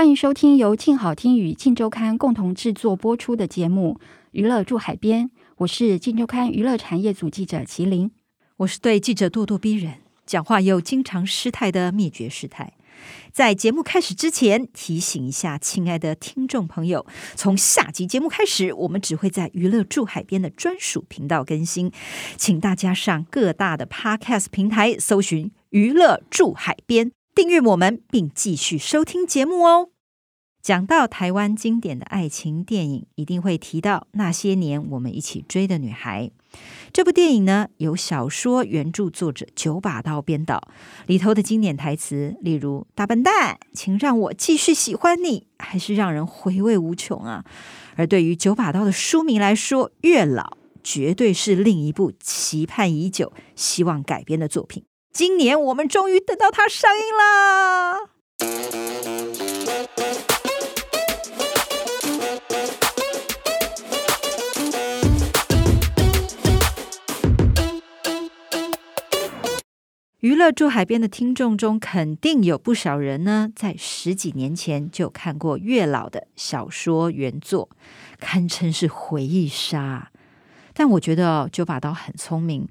歡迎收聽由鏡好聽與鏡週刊共同製作播出的節目《娛樂住海邊》，我是鏡週刊娛樂產業組記者麒麟。我是對記者咄咄逼人、講話又經常失態的滅絕師太。在節目開始之前，提醒一下親愛的聽眾朋友：從下集節目開始，我們只會在《娛樂住海邊》的專屬頻道更新，請大家上各大的 Podcast 平台搜尋《娛樂住海邊》。訂閱我們，並繼續收聽節目哦。講到台灣經典的愛情電影，一定會提到那些年我們一起追的女孩。這部電影呢，由小說原著作者九把刀編導，裡頭的經典台詞，例如“大笨蛋，請讓我繼續喜歡你”，還是讓人回味無窮啊。而對於九把刀的書迷來說，《月老》絕對是另一部期盼已久、希望改編的作品。今年我們終於等到它上映啦！娛樂住海邊的聽眾中，肯定有不少人呢，在十幾年前就看過月老的小說原作，堪稱是回憶殺。但我覺得九把刀很聰明，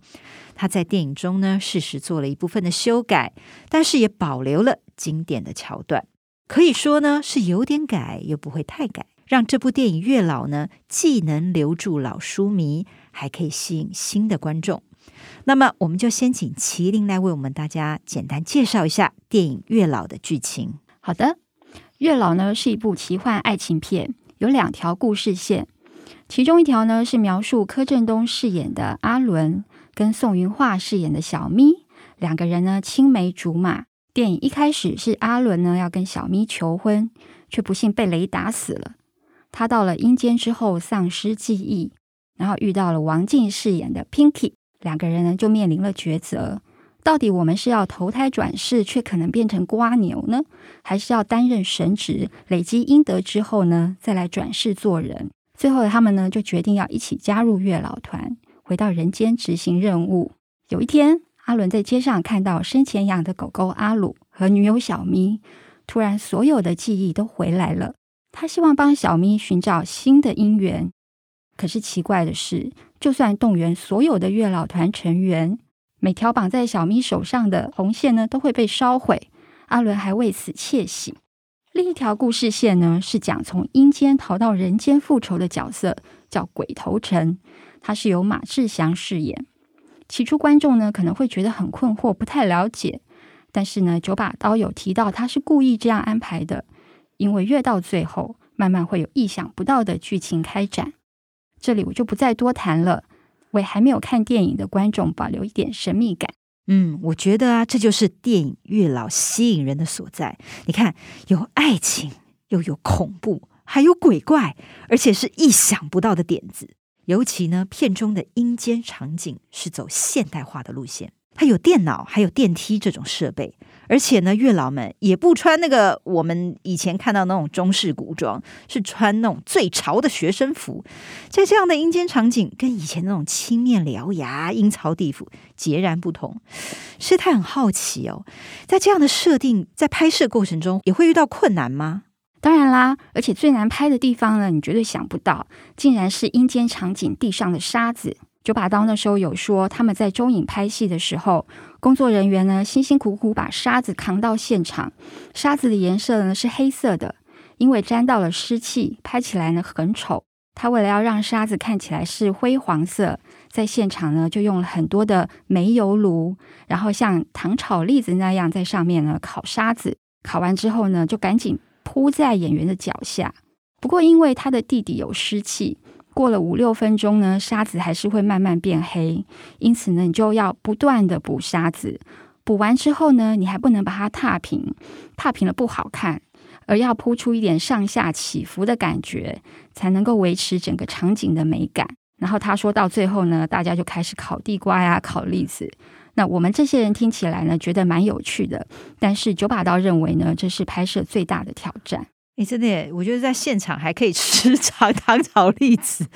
他在電影中呢，適時做了一部分的修改，但是也保留了經典的橋段，可以說呢是有點改，又不會太改，讓這部電影《月老》呢，既能留住老書迷，還可以吸引新的觀眾。那麼，我們就先請麒麟來為我們大家簡單介紹一下電影《月老》的劇情。好的，《月老》呢是一部奇幻愛情片，有兩條故事線。其中一條呢，是描述柯震東飾演的阿倫跟宋芸樺飾演的小咪兩個人呢，青梅竹馬。電影一開始是阿倫呢要跟小咪求婚，卻不幸被雷打死了。他到了陰間之後喪失記憶，然後遇到了王淨飾演的 Pinky，兩個人呢，就面臨了抉擇：到底我們是要投胎轉世，卻可能變成蝸牛呢，還是要擔任神職，累積陰德之後呢，再來轉世做人？最後，他們呢就決定要一起加入月老團，回到人間執行任務。有一天，阿倫在街上看到生前養的狗狗阿魯和女友小咪，突然所有的記憶都回來了。他希望幫小咪尋找新的姻緣，可是奇怪的是，就算動員所有的月老團成員，每條綁在小咪手上的紅線呢都會被燒毀。阿倫還為此竊喜。另一條故事線呢，是講從陰間逃到人間復仇的角色，叫鬼頭成，他是由馬志翔飾演。起初觀眾呢可能會覺得很困惑，不太了解，但是呢九把刀有提到他是故意這樣安排的，因為越到最後，慢慢會有意想不到的劇情開展。這裡我就不再多談了，為還沒有看電影的觀眾保留一點神秘感。嗯，我覺得啊，這就是電影《月老》吸引人的所在。你看，有愛情，又有恐怖，還有鬼怪，而且是意想不到的點子。尤其呢，片中的陰間場景是走現代化的路線，它有電腦，還有電梯這種設備。而且呢，月老們也不穿那個我們以前看到那種中式古裝，是穿那種最潮的學生服，在這樣的陰間場景，跟以前那種青面獠牙、陰曹地府截然不同。師太很好奇哦，在這樣的設定，在拍攝過程中也會遇到困難嗎？當然啦，而且最難拍的地方呢，你絕對想不到，竟然是陰間場景地上的沙子。九把刀那時候有說，他們在中影拍戲的時候，工作人員呢辛辛苦苦把沙子扛到現場，沙子的顏色呢是黑色的，因為沾到了濕氣，拍起來呢很醜。他為了要讓沙子看起來是灰黃色，在現場呢就用了很多的煤油爐，然後像糖炒栗子那樣在上面呢烤沙子，烤完之後呢就趕緊鋪在演員的腳下。不過因為他的地底有濕氣。過了五六分鐘呢，沙子還是會慢慢變黑，因此呢，你就要不斷地補沙子。補完之後呢，你還不能把它踏平，踏平了不好看，而要鋪出一點上下起伏的感覺，才能夠維持整個場景的美感。然後他說到最後呢，大家就開始烤地瓜呀，烤栗子。那我們這些人聽起來呢，覺得蠻有趣的，但是九把刀認為呢，這是拍攝最大的挑戰。哎，真的耶，我覺得在現場還可以吃炒糖炒栗子，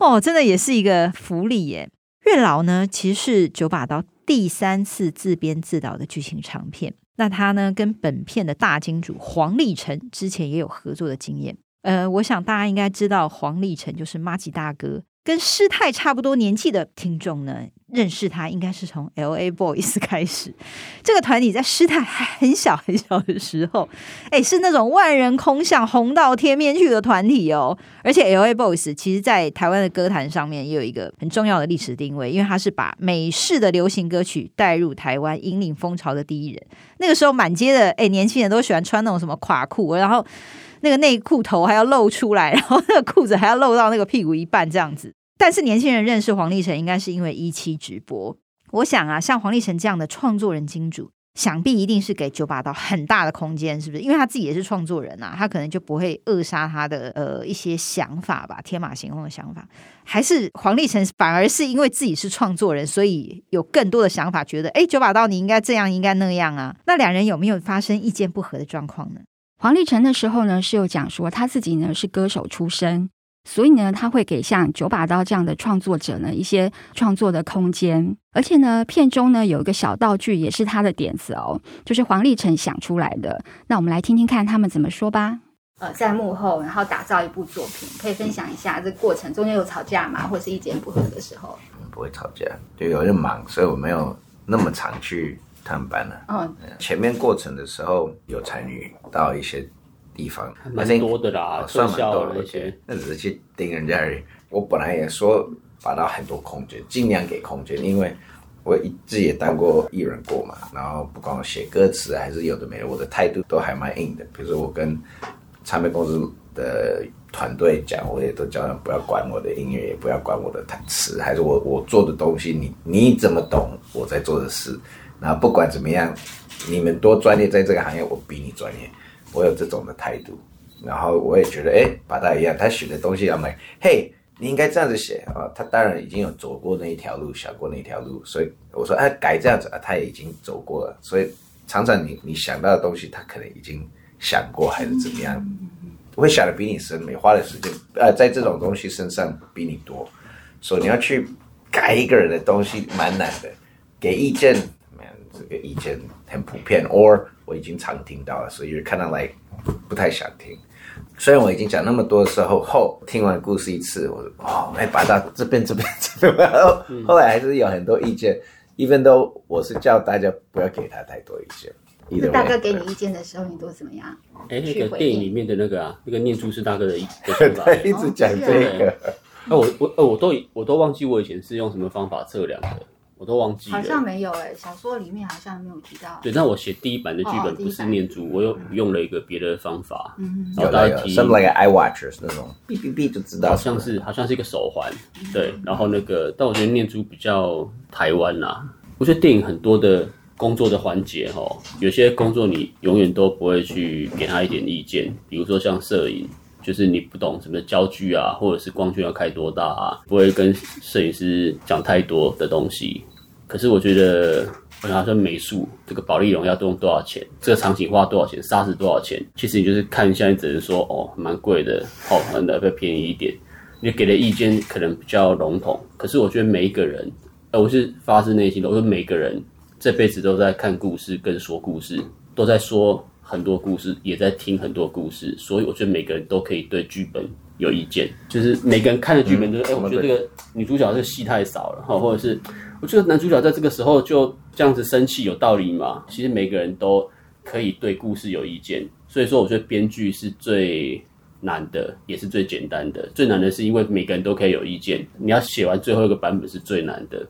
哦，真的也是一個福利耶。月老呢，其實是九把刀第三次自編自導的劇情長片，那他呢，跟本片的大金主黃立成之前也有合作的經驗，呃，我想大家應該知道黃立成就是麻吉大哥。跟師太差不多年紀的聽眾呢，認識他應該是從 LA Boys 開始。這個團體在師太還很小很小的時候，誒、欸，是那種萬人空巷、紅到天邊去的團體哦。而且 LA Boys 其實，在台灣的歌壇上面也有一個很重要的歷史定位，因為他是把美式的流行歌曲帶入台灣、引領風潮的第一人。那個時候，滿街的誒、欸，年輕人都喜歡穿那種什麼垮褲，然後那個內褲頭還要露出來，然後那個褲子還要露到那個屁股一半這樣子。但是年輕人認識黃立成，應該是因為一期直播。我想啊，像黃立成這樣的創作人金主，想必一定是給九把刀很大的空間，是不是？因為他自己也是創作人吶、啊，他可能就不會扼殺他的呃一些想法吧，天馬行空的想法。還是黃立成反而是因為自己是創作人，所以有更多的想法，覺得誒、欸、九把刀你應該這樣，應該那樣啊。那兩人有沒有發生意見不合的狀況呢？黃立成那時候呢，是有講說他自己呢是歌手出身。所以呢，他會給像九把刀這樣的創作者呢一些創作的空間，而且呢，片中呢有一個小道具也是他的點子哦，就是黃立成想出來的。那我們來聽聽看他們怎麼說吧。呃，在幕後，然後打造一部作品，可以分享一下這個過程中間有吵架嗎，或是意見不合的時候？嗯，不會吵架，就有點忙，所以我沒有那麼常去探班了、啊。嗯，前面過程的時候有參與到一些。地方，很多的啦，算很多的那些。那只是去盯人家而已。我本來也說，把到很多空間，盡量給空間，因為我自己也當過藝人過嘛。然後不管我寫歌詞還是有的沒的，我的態度都還蠻硬的。比如說我跟唱片公司的團隊講，我也都叫人不要管我的音樂，也不要管我的詞，還是我我做的東西你，你你怎麼懂我在做的事？那不管怎麼樣，你們多專業，在這個行業，我比你專業。我有這種的態度，然後我也覺得，哎、欸，把他一樣，他選的東西要買。嘿，你應該這樣子寫啊！他當然已經有走過那一條路，想過那一條路，所以我說，哎，改這樣子啊！他也已經走過了，所以常常你你想到的東西，他可能已經想過還是怎麼樣，我會想的比你深，沒花的時間、啊、在這種東西身上比你多，所以你要去改一個人的東西蠻難的。給意見，這個意見很普遍我已經常聽到了，所以看到來不，不太想聽。雖然我已經講那麼多的時候後，聽完故事一次，我哦，沒把它這邊這邊這邊後。後來還是有很多意見，一分都我是叫大家不要給他太多意見。大哥給你意見的時候，你都怎麼樣？哎，那個電影裡面的那個啊，那個念珠是大哥的，一的，一直在一直講這個。那、哦嗯啊、我我我都我都忘記我以前是用什麼方法測量的。我都忘記了，好像沒有誒，小說裡面好像沒有提到。對，那我寫第一版的劇本不是念珠，哦哦我又用了一個別的方法。嗯哼大聽嗯嗯哼。有 some like eye watchers 那種。嗶嗶嗶就知道。好像是，好像是一個手環。嗯、哼對，然後那個，但我覺得念珠比較台灣吶、啊。我覺得電影很多的工作的環節齁、哦，有些工作你永遠都不會去給他一點意見，比如說像攝影。就是你不懂什麼焦距啊，或者是光圈要開多大啊，不會跟攝影師講太多的東西。可是我覺得，我想說美術這個保麗龍要多用多，多少錢，這個場景花多少錢，沙子多少錢，其實你就是看一下，你只能說哦，蠻貴的。好、哦，比較便宜一點，你給的意見可能比較籠統。可是我覺得每一個人，呃，我是發自內心的，我說每個人這輩子都在看故事，跟說故事，都在說。很多故事也在聽很多故事，所以我覺得每個人都可以對劇本有意見。就是每個人看的劇本都、就是，誒、嗯欸、我覺得這個女主角這個戲太少了哈，嗯、或者是我覺得男主角在這個時候就這樣子生氣有道理嘛？其實每個人都可以對故事有意見，所以說我覺得編劇是最難的，也是最簡單的。最難的是因為每個人都可以有意見，你要寫完最後一個版本是最難的，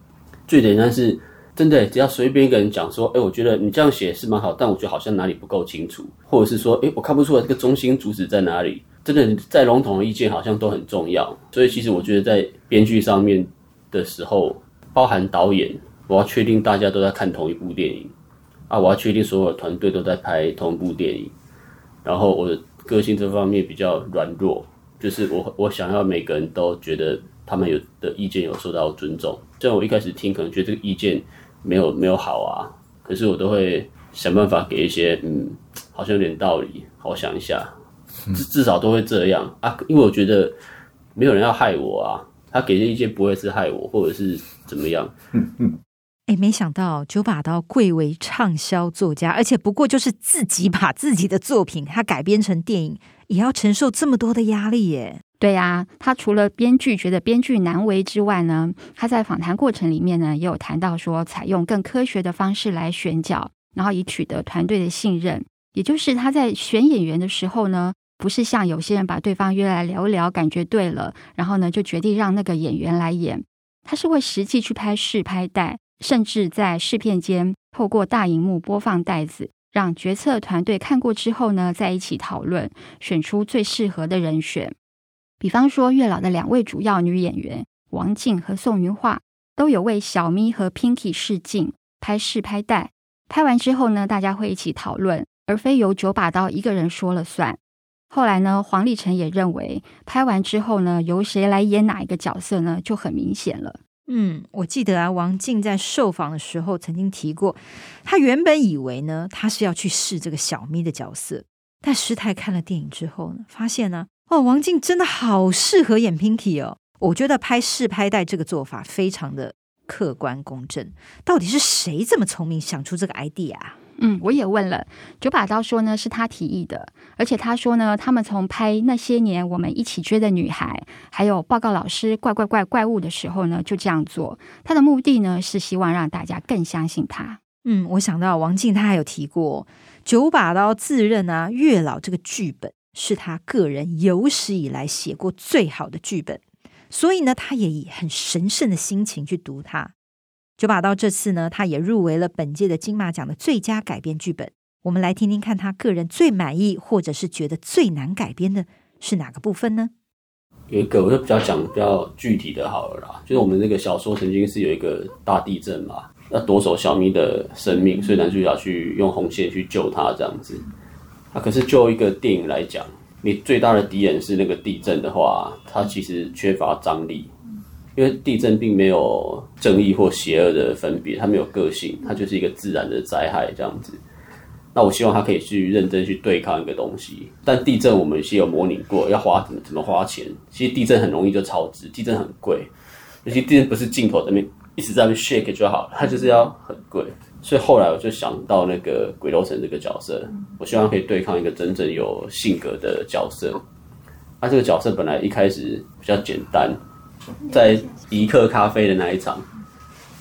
最簡單是。真的，只要隨便一個人講說，誒、欸，我覺得你這樣寫是蠻好，但我覺得好像哪裡不夠清楚，或者是說，誒、欸，我看不出來這個中心主旨在哪裡。真的，再籠統的意見好像都很重要，所以其實我覺得在編劇上面的時候，包含導演，我要確定大家都在看同一部電影啊，我要確定所有的團隊都在拍同一部電影。然後我的個性這方面比較軟弱，就是我我想要每個人都覺得他們有的意見有受到尊重。這樣我一開始聽可能覺得這個意見。沒有沒有好啊，可是我都會想辦法給一些嗯，好像有點道理，好想一下，至至少都會這樣啊，因為我覺得沒有人要害我啊，他給的意見不會是害我，或者是怎麼樣，嗯嗯，哎，沒想到九把刀貴為暢銷作家，而且不過就是自己把自己的作品他改編成電影，也要承受這麼多的壓力耶。對呀、啊，他除了編劇覺得編劇難為之外呢，他在訪談過程裡面呢也有談到說，採用更科學的方式來選角，然後以取得團隊的信任。也就是他在選演員的時候呢，不是像有些人把對方約來聊一聊，感覺對了，然後呢就決定讓那個演員來演。他是會實際去拍試拍帶，甚至在試片間透過大熒幕播放帶子，讓決策團隊看過之後呢，再一起討論，選出最適合的人選。比方說，《月老》的兩位主要女演員王靜和宋芸樺都有為小咪和 Pinky 試鏡、拍試拍帶。拍完之後呢，大家會一起討論，而非由九把刀一個人說了算。後來呢，黃立成也認為，拍完之後呢，由誰來演哪一個角色呢，就很明顯了。嗯，我記得啊，王靜在受訪的時候曾經提過，她原本以為呢，她是要去試這個小咪的角色，但師太看了電影之後呢，發現呢。哦，王靜真的好適合演 Pinky 哦！我覺得拍試拍帶這個做法非常的客觀公正。到底是誰這麼聰明想出這個 idea 啊？嗯，我也問了九把刀，說呢是他提議的，而且他說呢，他們從拍那些年我們一起追的女孩，還有報告老師怪怪怪怪怪物的時候呢，就這樣做。他的目的呢是希望讓大家更相信他。嗯，我想到王靜她還有提過九把刀自認啊月老，這個劇本。是他個人有史以來寫過最好的劇本，所以呢，他也以很神聖的心情去讀它。九把刀這次呢，他也入圍了本屆的金馬獎的最佳改編劇本。我們來聽聽看，他個人最滿意，或者是覺得最難改編的是哪個部分呢？有一個，我就比較講比較具體的好了啦。就是我們那個小說曾經是有一個大地震嘛，要奪走小咪的生命，所以男主角去用紅線去救他，這樣子。啊，可是就一個電影來講，你最大的敵人是那個地震的話，它其實缺乏張力，因為地震並沒有正義或邪惡的分別，它沒有個性，它就是一個自然的災害這樣子。那我希望他可以去認真去對抗一個東西，但地震我們是有，有模擬過，要花怎麼怎麼花錢，其實地震很容易就超支，地震很貴，而且地震不是鏡頭在那邊一直在那邊 shake 就好了，它就是要很貴。所以後來我就想到那個鬼頭成這個角色，我希望可以對抗一個真正有性格的角色。他、啊、這個角色本來一開始比較簡單，在迪克咖啡的那一場，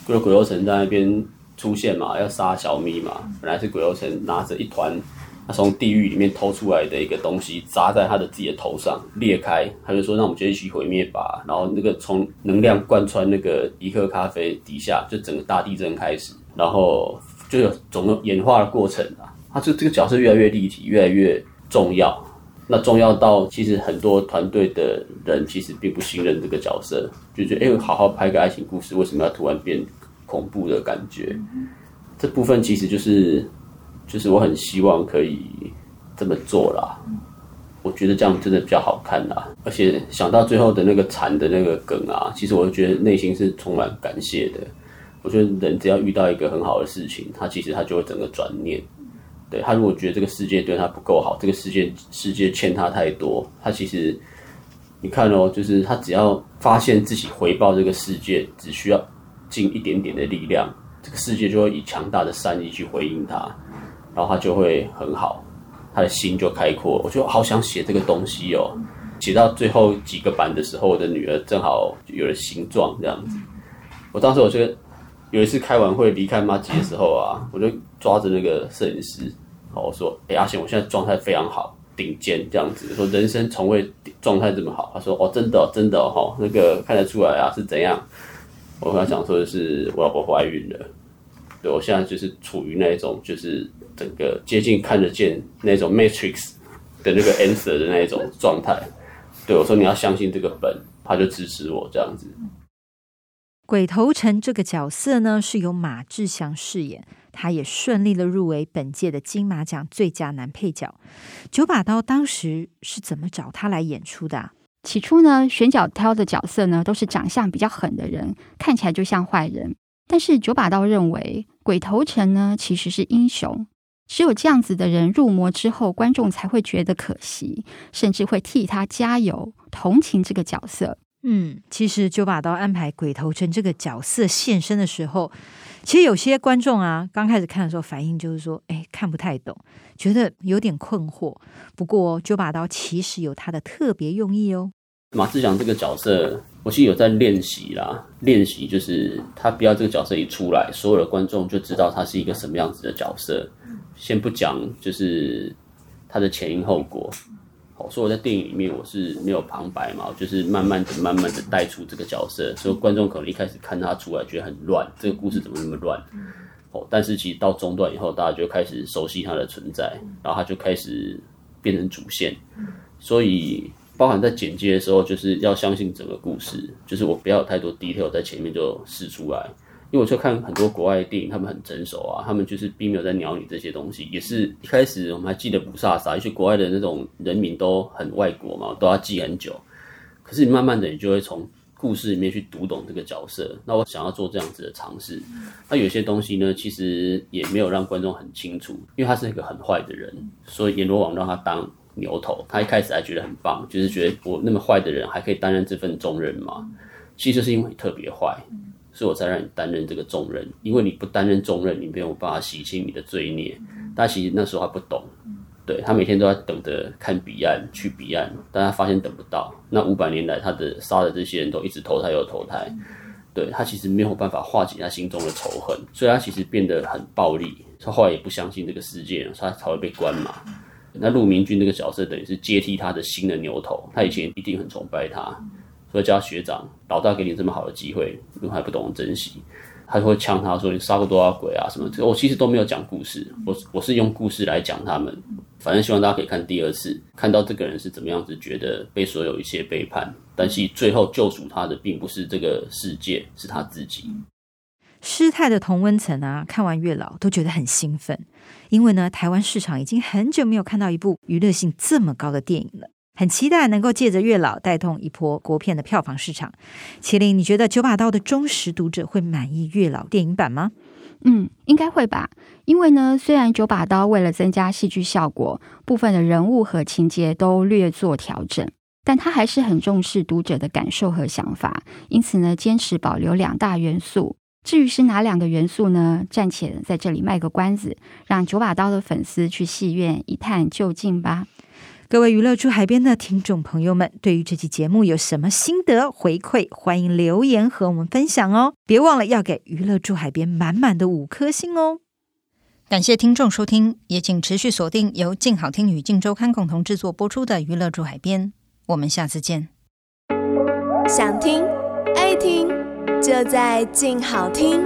就鬼頭成在那邊出現嘛，要殺小咪嘛。本來是鬼頭成拿着一團他從地獄裡面偷出來的一個東西，砸在他的自己的頭上裂開，他就說：“那我們就一起毀滅吧。”然後那個從能量貫穿那個迪克咖啡底下，就整個大地震開始。然後就有總有演化的過程啊，他就這個角色越來越立體，越來越重要。那重要到其實很多團隊的人其實並不信任這個角色，就覺得哎，好好拍個愛情故事，為什麼要突然變恐怖的感覺？嗯哼。這部分其實就是，就是我很希望可以這麼做啦。嗯。我覺得這樣真的比較好看啦。而且想到最後的那個慘的那個梗啊，其實我就覺得內心是充滿感謝的。我覺得人只要遇到一個很好的事情，他其實他就會整個轉念。對，他如果覺得這個世界對他不夠好，這個世界世界欠他太多，他其實你看哦，就是他只要發現自己回報這個世界只需要盡一點點的力量，這個世界就會以強大的善意去回應他，然後他就會很好，他的心就開闊。我就好想寫這個東西哦，寫到最後幾個版的時候，我的女兒正好有了形狀這樣子，我當時我覺得。有一次開完會離開媽吉的時候啊，我就抓着那個攝影師，哦，我說，哎、欸、阿賢，我現在狀態非常好，頂尖這樣子，說人生從未狀態這麼好。他說，哦真的哦真的哦？哦，那個看得出來啊是怎樣。我後來想說的是，我老婆懷孕了，對，我現在就是處於那一種就是整個接近看得見那種 Matrix 的那個 answer 的那一種狀態。對我說你要相信這個本，他就支持我這樣子。鬼頭成這個角色呢，是由馬志翔飾演，他也順利的入圍本屆的金馬獎最佳男配角。九把刀當時是怎麼找他來演出的啊？起初呢，選角挑的角色呢，都是長相比較狠的人，看起來就像壞人。但是九把刀認為，鬼頭成呢，其實是英雄。只有這樣子的人入魔之後，觀眾才會覺得可惜，甚至會替他加油，同情這個角色。嗯，其實九把刀安排鬼頭城這個角色現身的時候，其實有些觀眾啊，剛開始看的時候反應就是說，哎，看不太懂，覺得有點困惑。不過九把刀其實有他的特別用意哦。馬志祥這個角色，我其實有在練習啦，練習就是他不要這個角色一出來，所有的觀眾就知道他是一個什麼樣子的角色。先不講，就是他的前因後果。哦，所以我在電影裡面我是沒有旁白嘛，就是慢慢的、慢慢的帶出這個角色，所以觀眾可能一開始看他出來覺得很亂，這個故事怎麼那麼亂？哦，但是其實到中段以後，大家就開始熟悉他的存在，然後他就開始變成主線。所以，包含在剪接的時候，就是要相信整個故事，就是我不要有太多 detail 在前面就試出來。因為我去看很多國外的電影，他們很成熟啊，他們就是並沒有在鳥你這些東西，也是一開始我們還記得不薩颯、啊，也許國外的那種人名都很外國嘛，都要記很久。可是你慢慢的，你就會從故事裡面去讀懂這個角色。那我想要做這樣子的嘗試，那、嗯啊、有些東西呢，其實也沒有讓觀眾很清楚，因為他是一個很壞的人，所以閻羅王讓他當牛頭，他一開始還覺得很棒，就是覺得我那麼壞的人還可以擔任這份重任嘛，其實就是因為你特別壞。嗯所以我才讓你擔任這個重任，因為你不擔任重任，你沒有辦法洗清你的罪孽。但其實那時候還不懂，對，他每天都在等着看彼岸，去彼岸，但他發現等不到。那五百年來，他的殺的這些人都一直投胎又投胎，嗯、對，他其實沒有辦法化解他心中的仇恨，所以他其實變得很暴力。他後來也不相信這個世界，他才會被關嘛。那陸明君這個角色，等於是接替他的新的牛頭，他以前一定很崇拜他，所以叫他學長。老大給你這麼好的機會，你還不懂得珍惜，他就會嗆他說：“你殺過多少鬼啊？什麼？”我其實都沒有講故事，我我是用故事來講他們。反正希望大家可以看第二次，看到這個人是怎麼樣子，覺得被所有一些背叛，但是最後救贖他的並不是這個世界，是他自己。師太的同溫層啊，看完月老都覺得很興奮，因為呢，台灣市場已經很久沒有看到一部娛樂性這麼高的電影了。很期待能夠借着《月老》帶動一波國片的票房市場。麒麟，你覺得《九把刀》的忠實讀者會滿意《月老》電影版嗎？嗯，應該會吧。因為呢，雖然《九把刀》為了增加戲劇效果，部分的人物和情節都略作調整，但他還是很重視讀者的感受和想法，因此呢，堅持保留兩大元素。至於是哪兩個元素呢？暫且在這裡賣個關子，讓《九把刀》的粉絲去戲院一探究竟吧。各位娛樂駐海邊的聽眾朋友們，對於這期節目有什麼心得回饋？歡迎留言和我們分享哦！別忘了要給娛樂駐海邊滿滿的五顆星哦！感謝聽眾收聽，也請持續鎖定由靜好聽與靜週刊共同製作播出的《娛樂駐海邊》，我們下次見。想聽愛聽，就在靜好聽。